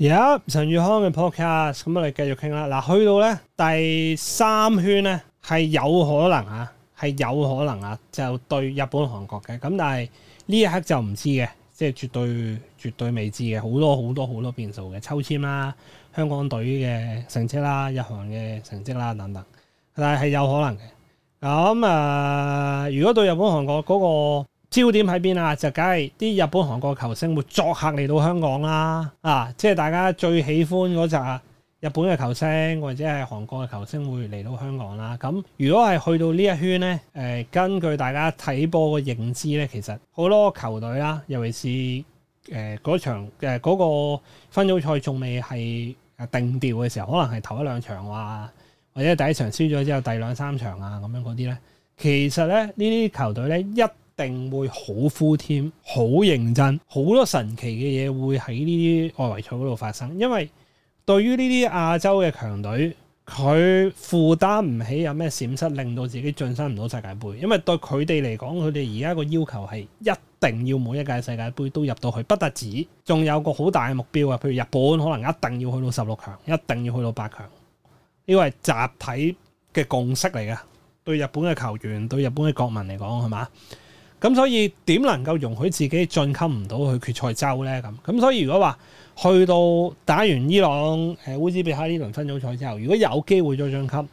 而家陳宇康嘅 podcast，咁我哋繼續傾啦。嗱，去到咧第三圈咧，係有可能啊，係有可能啊，就對日本韓國嘅。咁但係呢一刻就唔知嘅，即係絕對絕對未知嘅，好多好多好多變數嘅抽籤啦、香港隊嘅成績啦、日韓嘅成績啦等等，但係係有可能嘅。咁啊，呃，如果對日本韓國嗰個，焦點喺邊啊？就梗係啲日本、韓國球星會作客嚟到香港啦，啊！即係大家最喜歡嗰隻日本嘅球星或者係韓國嘅球星會嚟到香港啦。咁、嗯、如果係去到呢一圈咧，誒、呃，根據大家睇波嘅認知咧，其實好多球隊啦，尤其是誒嗰、呃、場誒嗰、呃那個分組賽仲未係誒定調嘅時候，可能係頭一兩場話，啊，或者第一場輸咗之後，第二兩三場啊咁樣嗰啲咧，其實咧呢啲球隊咧一定會好 full 添，好認真，好多神奇嘅嘢會喺呢啲外圍賽嗰度發生。因為對於呢啲亞洲嘅強隊，佢負擔唔起有咩閃失，令到自己進身唔到世界盃。因為對佢哋嚟講，佢哋而家個要求係一定要每一屆世界盃都入到去，不單止，仲有個好大嘅目標啊！譬如日本可能一定要去到十六強，一定要去到八強，呢、這個係集體嘅共識嚟嘅。對日本嘅球員，對日本嘅國民嚟講，係嘛？咁所以點能夠容許自己晉級唔到去決賽周呢？咁咁所以如果話去到打完伊朗、誒、呃、烏茲別克呢輪分組賽之後，如果有機會再晉級，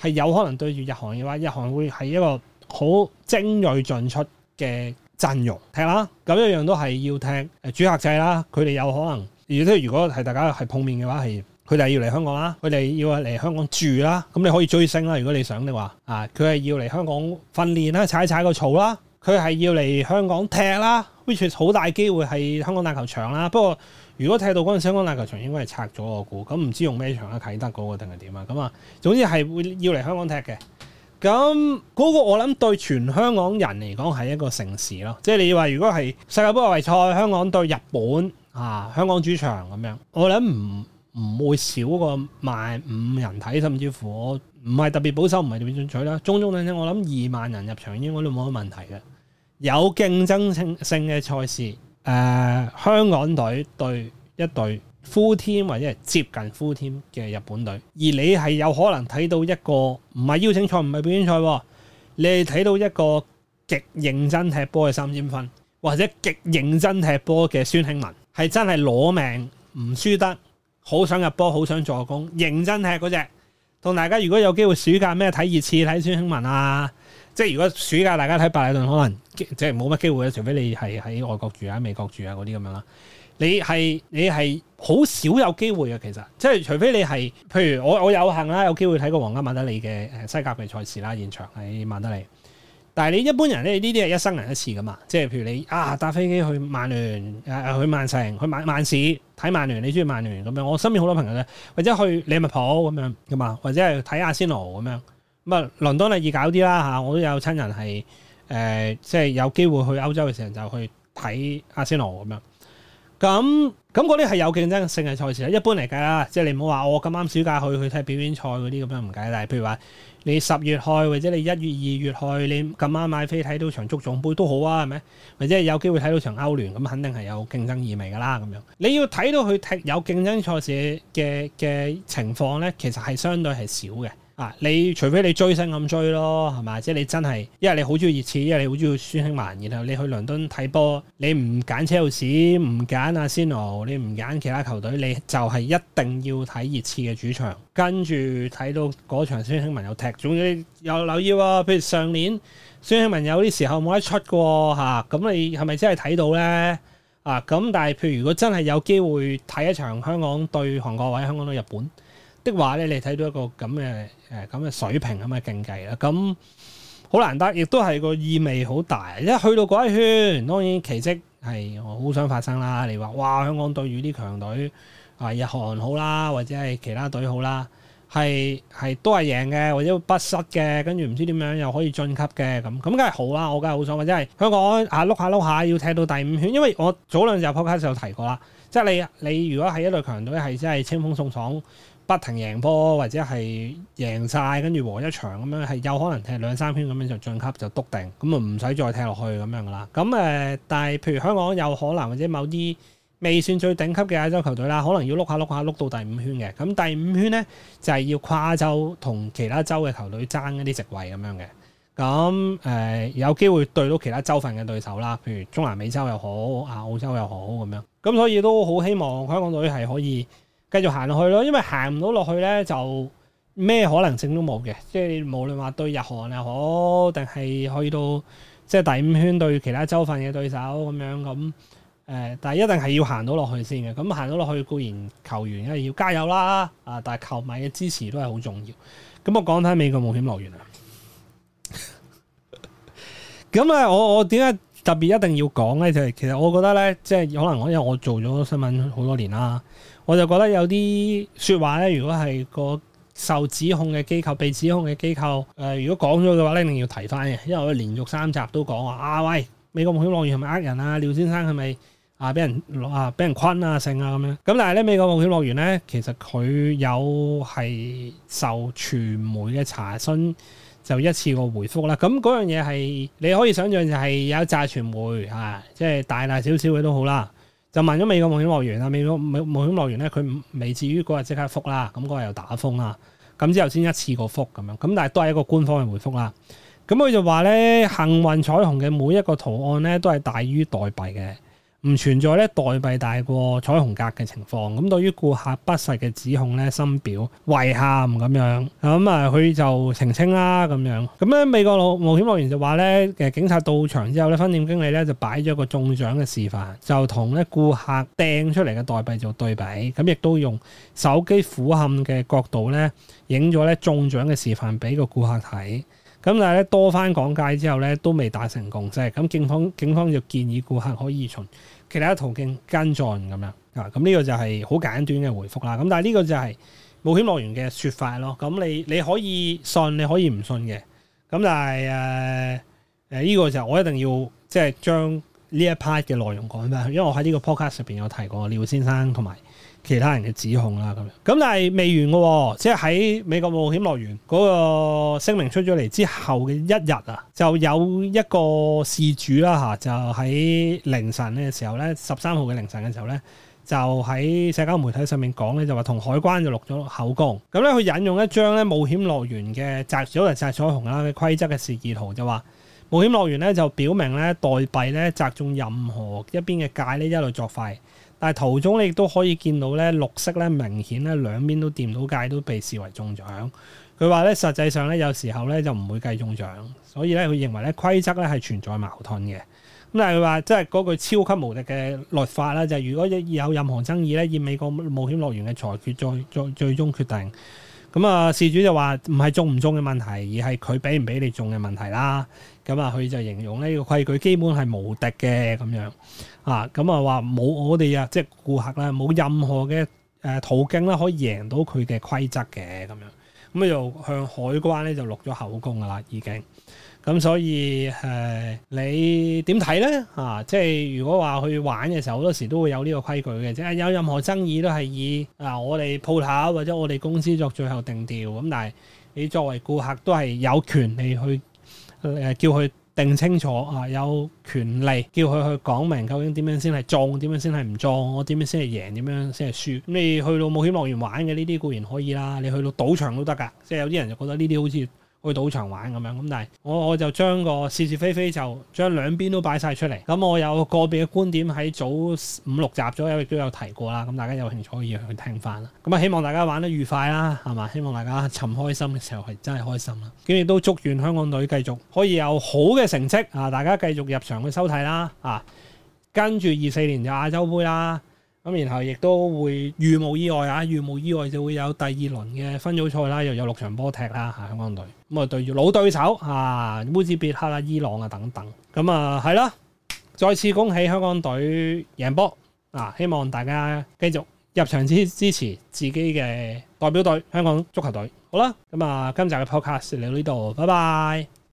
係有可能對住日韓嘅話，日韓會係一個好精鋭進出嘅陣容係啦。咁一樣都係要踢誒主客制啦。佢哋有可能，亦都如果係大家係碰面嘅話，係佢哋要嚟香港啦，佢哋要嚟香港住啦。咁你可以追星啦，如果你想你話啊，佢係要嚟香港訓練踩踩啦，踩一踩個草啦。佢係要嚟香港踢啦，which 好大機會係香港大球場啦。不過如果踢到嗰陣，香港大球場應該係拆咗我估，咁唔知用咩場啊，啟德嗰個定係點啊？咁啊，總之係會要嚟香港踢嘅。咁嗰、嗰個我諗對全香港人嚟講係一個盛事咯。即係你話如果係世界盃外圍賽，香港對日本啊，香港主場咁樣，我諗唔唔會少過萬五人睇，甚至乎。唔係特別保守，唔係表演取啦，中中，等等。我諗二萬人入場應該都冇乜問題嘅。有競爭性性嘅賽事，誒、呃、香港隊對一隊呼 u 或者係接近呼 u 嘅日本隊，而你係有可能睇到一個唔係邀請賽，唔係表演賽，你係睇到一個極認真踢波嘅三尖分，或者極認真踢波嘅孫興文，係真係攞命唔輸得，好想入波，好想助攻，認真踢嗰隻。同大家如果有機會暑假咩睇熱刺睇孫興文啊，即係如果暑假大家睇白禮頓可能即係冇乜機會啊。除非你係喺外國住啊，美國住啊嗰啲咁樣啦。你係你係好少有機會嘅，其實即係除非你係譬如我我有幸啦，有機會睇過皇家馬德里嘅誒西甲嘅賽事啦，啊，現場喺馬德里。但係你一般人咧，呢啲係一生人一次噶嘛，即係譬如你啊，搭飛機去曼聯，誒、啊啊、去曼城，去曼曼市睇曼聯，你中意曼聯咁樣。我身邊好多朋友咧，或者去利物浦咁樣噶嘛，或者係睇阿仙奴咁樣。咁啊倫敦咧易搞啲啦嚇，我都有親人係誒、呃，即係有機會去歐洲嘅時候就去睇阿仙奴咁樣。咁咁嗰啲係有競爭性嘅賽事一般嚟計啦，即係你唔好話我咁啱暑假去去睇表演賽嗰啲咁樣唔計，但係譬如話，你十月開或者你一月二月開，你咁啱買飛睇到場足總杯都好啊，係咪？或者係有機會睇到場歐聯，咁肯定係有競爭意味㗎啦。咁樣你要睇到佢踢有競爭賽事嘅嘅情況呢，其實係相對係少嘅。啊、你除非你追星咁追咯，係嘛？即係你真係，因為你好中意熱刺，因為你好中意孫興文，然後你去倫敦睇波，你唔揀車路士，唔揀阿仙奴，你唔揀其他球隊，你就係一定要睇熱刺嘅主場，跟住睇到嗰場孫興文有踢。總之有留意咯、哦，譬如上年孫興文有啲時候冇得出嘅嚇，咁、啊、你係咪真係睇到呢？啊！咁但係譬如如果真係有機會睇一場香港對韓國或者香港對日本的話咧，你睇到一個咁嘅誒咁嘅水平啊嘅競技啦，咁好難得，亦都係個意味好大。一去到嗰一圈，當然奇蹟係好想發生啦。你話哇，香港對住啲強隊啊，日韓好啦，或者係其他隊好啦，係係都係贏嘅，或者不失嘅，跟住唔知點樣又可以晉級嘅咁，咁梗係好啦，我梗係好想，或者係香港啊碌下碌下，要踢到第五圈，因為我早兩日 podcast 有提過啦，即係你你如果係一隊強隊，係真係清風送爽。不停贏波或者係贏晒，跟住和一場咁樣，係有可能踢兩三圈咁樣就晉級就篤定，咁啊唔使再踢落去咁樣噶啦。咁誒，但係、呃、譬如香港有可能或者某啲未算最頂級嘅亞洲球隊啦，可能要碌下碌下碌到第五圈嘅。咁第五圈呢，就係、是、要跨洲同其他洲嘅球隊爭一啲席位咁樣嘅。咁誒、呃、有機會對到其他洲份嘅對手啦，譬如中南美洲又好啊，澳洲又好咁樣。咁所以都好希望香港隊係可以。繼續行落去咯，因為行唔到落去咧，就咩可能性都冇嘅。即係無論話對日韓又好，定係去到即係、就是、第五圈對其他州份嘅對手咁樣，咁誒，但係一定係要行到落去先嘅。咁行到落去固然球員一定要加油啦啊，但係球迷嘅支持都係好重要。咁我講睇美國冒險樂園啊。咁 啊，我我點解？特別一定要講咧，就係、是、其實我覺得咧，即係可能我因為我做咗新聞好多年啦，我就覺得有啲説話咧，如果係個受指控嘅機構、被指控嘅機構，誒、呃，如果講咗嘅話咧，一定要提翻嘅。因為我連續三集都講話啊，喂，美國冒險樂園係咪呃人啊？廖先生係咪啊，俾人啊，俾人坤啊、性啊咁樣？咁但係咧，美國冒險樂園咧，其實佢有係受傳媒嘅查詢。就一次過回覆啦，咁嗰樣嘢係你可以想象，就係有炸傳媒，啊，即係大大小小嘅都好啦。就問咗美國冒險樂園啊，美國冒冒險樂園咧，佢未至於嗰日即刻覆啦，咁嗰日又打風啦，咁之後先一次過覆咁樣，咁但係都係一個官方嘅回覆啦。咁佢就話咧，幸運彩虹嘅每一個圖案咧，都係大於代幣嘅。唔存在咧代幣大過彩虹格嘅情況，咁對於顧客不實嘅指控咧，深表遺憾咁樣，咁啊佢就澄清啦咁樣，咁、啊、咧美國樂冒險樂園就話咧，嘅警察到場之後咧，分店經理咧就擺咗個中獎嘅示範，就同咧顧客掟出嚟嘅代幣做對比，咁亦都用手機俯瞰嘅角度咧，影咗咧中獎嘅示範俾個顧客睇。咁但係咧多番講解之後咧都未達成共識，咁警方警方就建議顧客可以從其他途徑跟進咁樣啊，咁、這、呢個就係好簡短嘅回覆啦。咁但係呢個就係冒險樂園嘅說法咯。咁你你可以信你可以唔信嘅，咁但係誒誒呢個就我一定要即係將。就是將呢一 part 嘅內容講咩？因為我喺呢個 podcast 入邊有提過廖先生同埋其他人嘅指控啦，咁樣咁但係未完嘅，即係喺美國冒險樂園嗰個聲明出咗嚟之後嘅一日啊，就有一個事主啦吓，就喺凌晨嘅時候咧，十三號嘅凌晨嘅時候咧，就喺社交媒體上面講咧，就話同海關就錄咗口供，咁咧佢引用一張咧冒險樂園嘅摘咗嚟摘彩虹啦嘅規則嘅示意圖，就話。冒險樂園咧就表明咧代幣咧擲中任何一邊嘅界呢一律作廢，但係圖中你亦都可以見到咧綠色咧明顯咧兩邊都掂到界都被視為中獎。佢話咧實際上咧有時候咧就唔會計中獎，所以咧佢認為咧規則咧係存在矛盾嘅。咁但係佢話即係嗰句超級無敵嘅律法啦，就係如果有任何爭議咧，以美國冒險樂園嘅裁決最最最終決定。咁啊，事主就話唔係中唔中嘅問題，而係佢俾唔俾你中嘅問題啦。咁啊，佢就形容呢個規矩基本係無敵嘅咁樣啊。咁啊，話冇我哋啊，即係顧客咧，冇任何嘅誒途徑啦，可以贏到佢嘅規則嘅咁樣。咁啊，又向海關咧就錄咗口供噶啦，已經。咁所以誒、呃，你點睇呢？啊，即係如果話去玩嘅時候，好多時都會有呢個規矩嘅，即係有任何爭議都係以啊我哋鋪頭或者我哋公司作最後定調。咁但係你作為顧客都係有權利去誒、啊、叫佢定清楚啊，有權利叫佢去講明究竟點樣先係撞，點樣先係唔撞，我點樣先係贏，點樣先係輸。咁你去到冒險樂園玩嘅呢啲固然可以啦，你去到賭場都得㗎。即係有啲人就覺得呢啲好似。去賭場玩咁樣，咁但係我我就將個是是非非就將兩邊都擺晒出嚟。咁我有個別嘅觀點喺早五六集左右，亦都有提過啦。咁大家有興趣可以去聽翻啦。咁啊，希望大家玩得愉快啦，係嘛？希望大家尋開心嘅時候係真係開心啦。咁亦都祝願香港隊繼續可以有好嘅成績啊！大家繼續入場去收睇啦啊！跟住二四年就亞洲杯啦。咁然後亦都會如無意外啊，如無意外就會有第二輪嘅分組賽啦，又有六場波踢啦，香港隊。咁啊，對住老對手啊，烏茲別克啦、伊朗啊等等，咁、嗯、啊，係、嗯、啦。再次恭喜香港隊贏波啊！希望大家繼續入場支支持自己嘅代表隊——香港足球隊。好啦，咁、嗯、啊、嗯，今集嘅 podcast 嚟到呢度，拜拜。